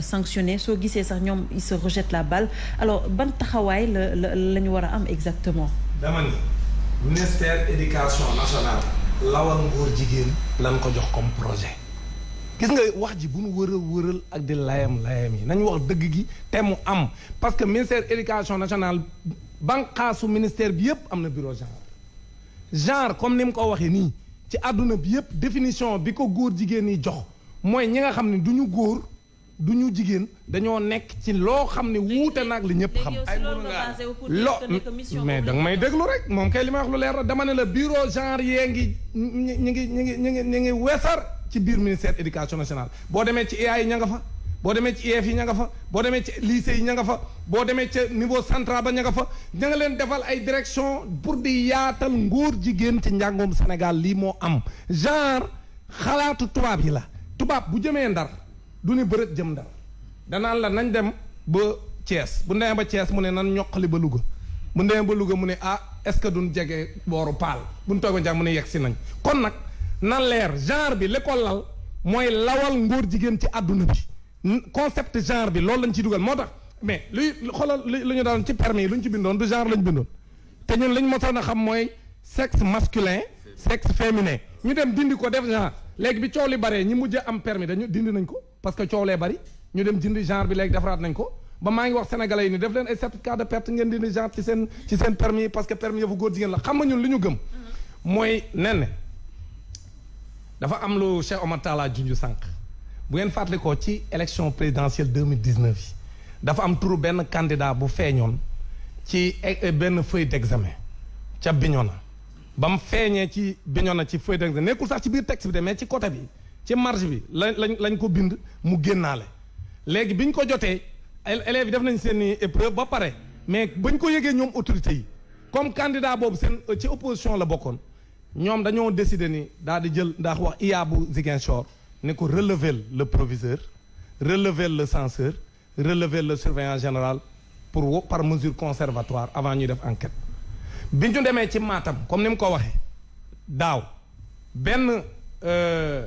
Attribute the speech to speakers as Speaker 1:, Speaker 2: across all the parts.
Speaker 1: sanctionné soo gisee sax ils se rejettent la balle alors ban taxaway la la ñu
Speaker 2: am exactement. dama ni ministère éducation nationale lawal ngóor jigéen lan ko jox comme projet. gis nga wax ji bu nu wëral wëreul ak di layam layam yi nañu wax dëgg gi te mu am parce que ministère éducation nationale banqaasu ministère bi yépp am bureau genre genre comme nim ko waxee ni ci aduna bi yépp définition bi ko gor jigéen ni jox moy ñi nga xamni duñu gor du ñu jigéen dañoo nekk ci loo xam ne wuute nag li ñëpp xam. ay loo mais danga may déglu rek moom kay li may wax lu leer la dama ne la bureau genre yee ngi ñu ngi ñu ngi ñu ngi ñu ngi wesar ci biir ministère éducation nationale boo demee ci IA yi ña nga fa. boo demee ci IEF yi ña nga fa boo demee ci lycée yi ña nga fa boo demee ca niveau central ba ña nga fa ñanga leen defal ay direction pour di yaatal nguur jigéen ci njàngoom Sénégal lii moo am genre xalaatu tubaab yi la tubaab bu jëmee ndar du ni bërët jëm ndar danaan la nañ dem ba Thiès bu demee ba Thiès mu ne nan ñoqali ba Louga bu demee ba Louga mu ne ah est-ce que duñ jege booru paal buñ toog a mu ne yegg si nañ kon nag nan leer genre bi lekkool lal mooy lawal ngóor jigéen ci àdduna bi concept genre bi loolu lañ ciy dugal moo tax mais luy xoolal lu ñu daan ci permis yi lu ñu ci bindoon du genre lañ bindoon te ñun liñ mosoon a xam mooy sexe masculin sexe féminin ñu dem dindi ko def genre léegi bi coow li baree ñi mujj am permis dañu dindi nañ ko parce que coow bari ñu dem jëndi genre bi légui defaraat nañ ko ba maa ngi wax sénégalais yi ni def leen ay certificat de perte ngeen dindi genre ci sen ci sen permis parce que permis yëfu góor jigéen la xam nga ñun li ñu gëm moy nen dafa am lu Cheikh Omar Talla junju sank bu ngeen fàttali ko ci élection présidentielle 2019 dafa am turu ben candidat bu feeñoon ci ben feuille d'examen ci biñona bam mu ci biñona ci feuille d'examen nekkul sax ci biir texte bi de mais ci côté bi ci marge bi lañ lañ ko bind mu génnaale léegi biñ ko joté élèves def nañ sen épreuve ba paré mais buñ ko yégué ñom autorité yi comme candidat bob sen euh, ci opposition la bokkoon ñom dañoo décider ni daal di jël ndax wax IA bu ko relever le proviseur relever le censeur relever le surveillant général pour par mesure conservatoire avant ñu def enquête bi ñu demee ci Matam comme nous ko waxé daw ben euh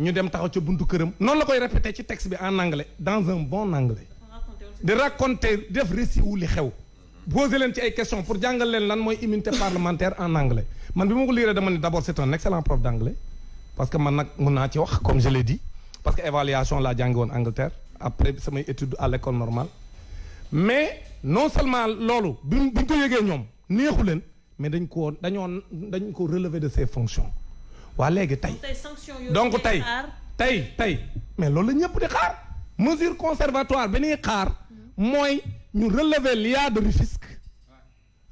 Speaker 2: ñu dem taxaw ci buntu la koy répété ci texte bi en anglais dans un bon anglais De raconter def récit wu li xew posé leen ci ay questions pour jàngal leen lan mooy immunité parlementaire en anglais man bi ma ko liiree dama ne un excellent prof d'anglais, parce que man nag mun naa ci wax comme je l'ai dit parce que évaluation laa jàngi woon Angleterre après samay étude à l'école normale mais non seulement loolu bi bi ko yëgee ñoom neexu leen mais dañ koo dañoo dañ ko relever de ses fonctions waa léegi tey donc tey tey tey mais loolu la ñëpp di xaar mesure conservatoire bi ñuy xaar mooy ñu relever l'IA de Rufisque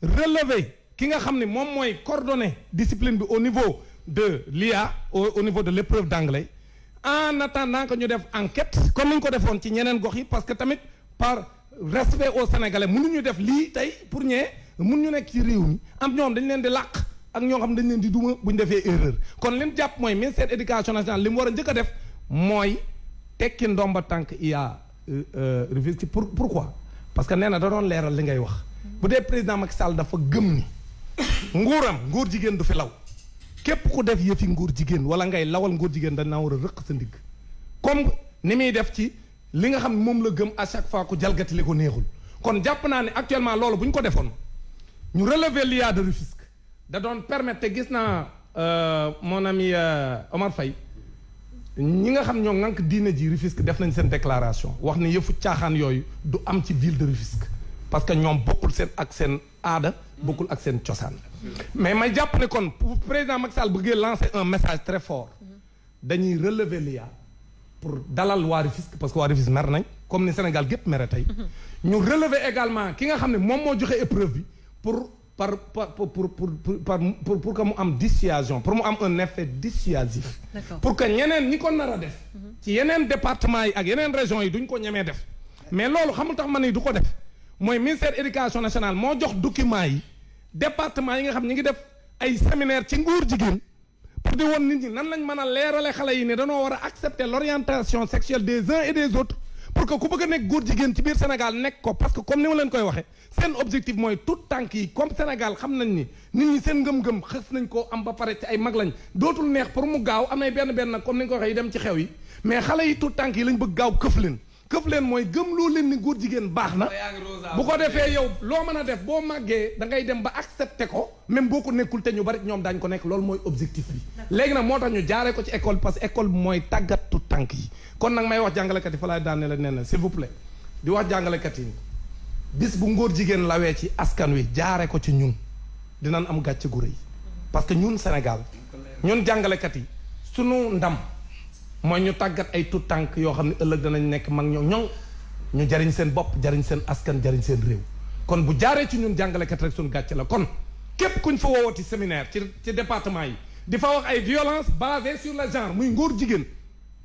Speaker 2: relever ki nga xam ne moom coordonner discipline au niveau de l'IA au niveau de l'épreuve d'anglais en attendant que ñu def enquête comme une ñu ko defoon ci ñeneen parce que tamit par respect aux Sénégalais nous def lii tey pour ñee mënuñu nekk ci réew mi am ñoom dañ leen di ak ñoo xam dañ leen di duma bu ñu defee erreur kon leen jàpp mooy ministère éducation nationale li mu war a njëkk a def mooy tekki ndomba tànk IA euh, euh, Rufisque pour pourquoi parce que nee na da doon leeral li ngay wax bu dee président Macky Sall dafa gëm ni nguuram nguur jigéen du fi law képp ku def yëfi nguur jigéen wala ngay lawal nguur jigéen dañ naa war a rëq sa ndigg comme ni muy def ci li nga xam moom la gëm à chaque fois ku jalgati li ko neexul kon jàpp naa ne actuellement loolu bu ñu ko defoon ñu relever l'IA da doon permettre te gis naa euh, mon ami euh, Omar Faye ñi nga xam ñoo ŋànk diine ji Rufisque def nañ seen déclaration wax ni yëfu caaxaan yooyu du am ci ville de Rufisque parce que ñoom bokkul seen ak seen aada bokkul ak seen cosaan mais may jàpp ne kon président Macky Sall bëggee lancer un message très fort dañuy relever l'IA pour dalal waa Rufisque parce que waa Rufisque mer nañ comme ni Sénégal gépp mere tey ñu relever également ki nga xam ne moom moo joxe épreuve bi pour par par pour pour pour pour que mu am dissuasion pour mu am un effet dissuasif. pour que ñeneen un ko nar a def. Mhm. ci yeneen département yi ak yeneen régions yi duñ ko ñemee def. mais loolu xamul tax man ni du ko def mooy ministère éducation nationale mon jox document yi département yi nga xam ñi ngi def ay séminaire ci nguur pour di woon nit ñi nan lañ mën a leerale xale yi ne danoo accepter l'orientation sexuelle des uns et des autres. pour que ku bëgg a nekk góor jigéen ci biir Sénégal nekk ko parce que comme ni ma leen koy waxee seen objectif mooy tout tànk yi comme Sénégal xam nañ ni nit ñi seen ngëm-ngëm xës nañ koo am ba pare ci ay mag lañ dootul neex pour mu gaaw am benn benn nag comme ni ko waxee yi dem ci xew yi mais xale yi tut tànk yi lañ bëgg gaaw këf leen këf leen mooy gëm loo leen ni góor jigéen baax na bu ko defee yow loo mën a def boo màggee dangay dem ba accepté ko même boo ko nekkul te ñu bari ñoom dañ ko nekk loolu mooy objectif bi léegi nag moo tax ñu jaare ko ci école parce que école bi mooy tàggatu tànk yi kon nag may wax jàngalekat yi fa laay daane la nee na s'il di wax jàngalekat yi bis bu ngóor jigéen lawee ci askan wi jaare ko ci ñun dinañ am gàcce gu yi parce que ñun Sénégal ñun jàngalekat yi sunu ndam mooy ñu tàggat ay tout tànk yoo xam ne ëllëg danañ nekk mag ñoo ñoŋ ñu jariñ seen bopp jariñ seen askan jariñ seen réew kon bu jaaree ci ñun jàngalekat rek suñu gàcce la kon képp kuñ fa woowati séminaire ci ci département yi di fa wax ay violence basée sur le genre muy ngóor jigéen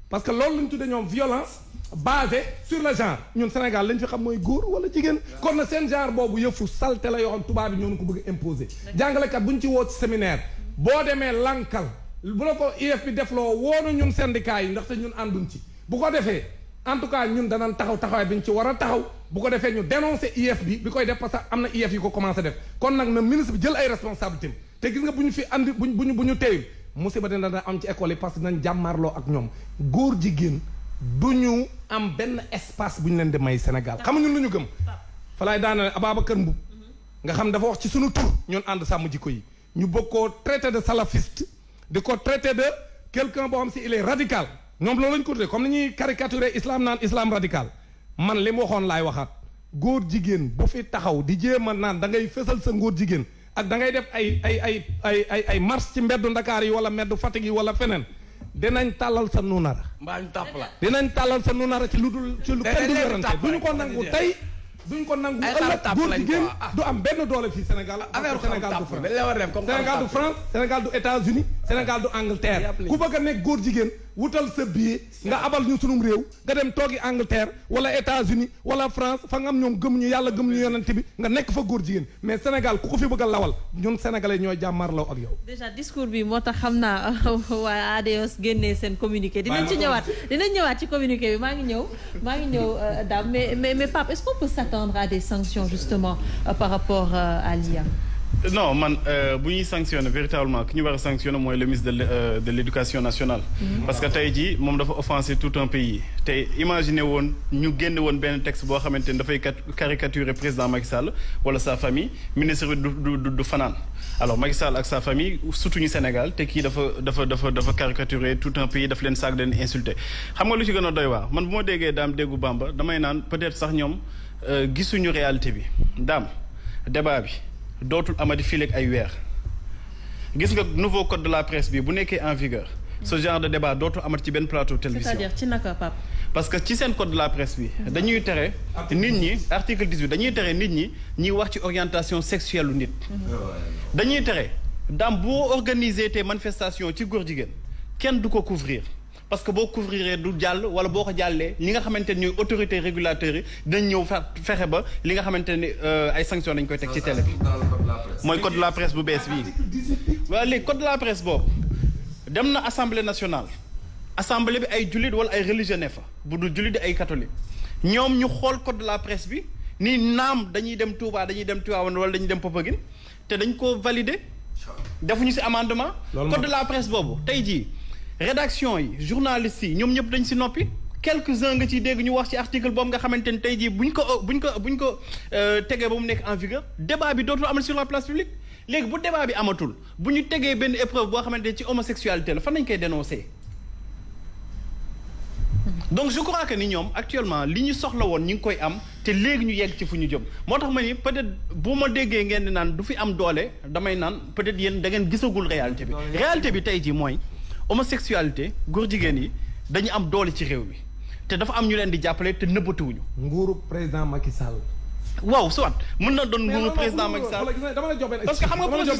Speaker 2: parce que loolu lañ tudde ñoom violence basée sur le genre ñun Sénégal lañ fi xam mooy góor wala jigéen kon na seen genre boobu yëfu salte la yoo xam tubaab bi ñoo ko bëgg a imposer jàngalekat bu ñu ci woo ci séminaire boo demee lankal bu la ko IEF bi defloo woonu ñun syndicat yi ndax ndaxte ñun ànduñ ci bu ko defee en tout cas ñun danañ taxaw taxawaay bi ñu ci war a taxaw bu ko defee ñu dénoncé IEF bi bi koy def parce que am na IEF yi ko commencé def kon nag na ministre bi jël ay responsabilités te gis nga bu ñu fi andi buñ buñu bu ñu teeyul musiba dina dana am ci école yi parce que nañ jàmmaarloo ak ñoom góor jigéen du ñu am benn espace bu ñu leen di may Sénégal xamuñu lu ñu gëm falaay daanale Ababacar Mbub mm-hmm. nga xam dafa wax ci suñu tur ñun ànd sàmm jikko yi ñu bokkoo traité de salafiste di ko traité de quelqu'un boo xam il est radical ñom loolu lañ ko tuddee comme ni caricaturer islam nan islam radical man limu mu lay waxat waxaat jigen bu fi taxaw di jema nan da ngay fessel sa ngóor jigen ak da ngay def ay ay ay ay ay ay marche ci mbeddu Ndakaar yi wala mbeddu Fatick yi wala feneen dinañ talal sa nunara mbaa ñu tàpp la dinañ talal sa nunara ci lu ci lu kenn du yorante duñu ko nangu tay duñ ko nangu ëllëg góor jigen ah. du am benn doole fi Sénégal affaire Sénégal du France Sénégal du France Sénégal du États-Unis Sénégal du Angleterre ku bëgg a nekk góor jigéen wutal sa billet nga abal ñu sunum réew nga dem togi Angleterre wala États-Unis wala France fa nga am ñom gëm ñu Yalla gëm ñu yonent bi nga nekk fa goor jigen mais Sénégal ku ko fi bëgg a lawal ñun sénégalais ñoy ñooy law ak yow.
Speaker 1: déjà discours bi motax xamna wa naa e génné sen communiqué. dinañ ci ñëwaat dinañ ñëwaat ci communiqué bi maa ngi ñëw maa ngi ñëw euh, Dame mais mais mais Pape est-ce qu'on peut s'attendre à des sanctions justement euh, par rapport euh, à l'IA non man euh, bu ñuy sanctionner véritablement ki ñu sanctionner le ministre de euh, l'éducation nationale. Mm-hmm. parce que as dit, moom dafa offensé tout un pays. Imaginez, imaginer on ñu un texte le caricaturer président Macky Sall sa famille ministre de du du alors Macky Sall sa famille surtout le Sénégal te caricaturer tout un pays daf leen Je leen insulté Je nga lu ci je a doy Je man bu ma je daam déggu Bamba Je peut-être euh, réalité débat dootul amati fii ay weer nga nouveau code de la presse bi bu en vigueur. ce genre de débat dootul ci plateau télévision. c'est-à-dire parce que ci code de la presse bi. dañuy nit ñi article 18 dañuy nit ñi orientation sexuelle nit. dañuy organiser tes manifestation ci du ko couvrir parce que boo couvriree du dial wala boo ko jàllee ñi nga xamante ne autorité régulatrice yi dinañ ñëw fexe ba li nga xamante ne euh, ay sanctions dañ koy teg ci télé code de la presse bu bees bii. waaw léegi code de la presse bon. dem na assemblée nationale assemblée bi ay jullit wala ay religieux fa bu dul jullit di ay catholique ñoom ñu xool code de la presse bi ni nam dañuy dem Touba dañuy dem Tivaouane wala dañuy dem Popenguine té dañ ko valider. defuñu ci amendement. code de la presse boobu tay ji rédaction yi journalistes yi ñoom ñëpp dañ ci nopi quelques-uns nga ci dégg ñu wax ci article boobu nga xamante ni ji buñ ko buñ ko buñ ko euh, téggé bu mu nek en vigueur débat bi dootul amal sur la place publique légui bu débat bi amatul bu ñu tegee épreuve bo xamante ci homosexualité la fan nañ koy dénoncer donc je crois que ni ñom actuellement li ñu soxla won ñu koy am te légui ñu yegg ci fu ñu jëm motax ma ni peut-être bu ma déggé ngén di du fi am doole damay naan peut-être yéen da ngeen gisagul réalité bi réalité bi tay jii moy homosexualité góor jigéen yi dañu am doole ci réew mi te dafa am ñu leen di jàppale te nëbbatuwuñu. nguuru président Macky Sall. waaw soit mën na doon nguuru président Macky
Speaker 2: parce que xam nga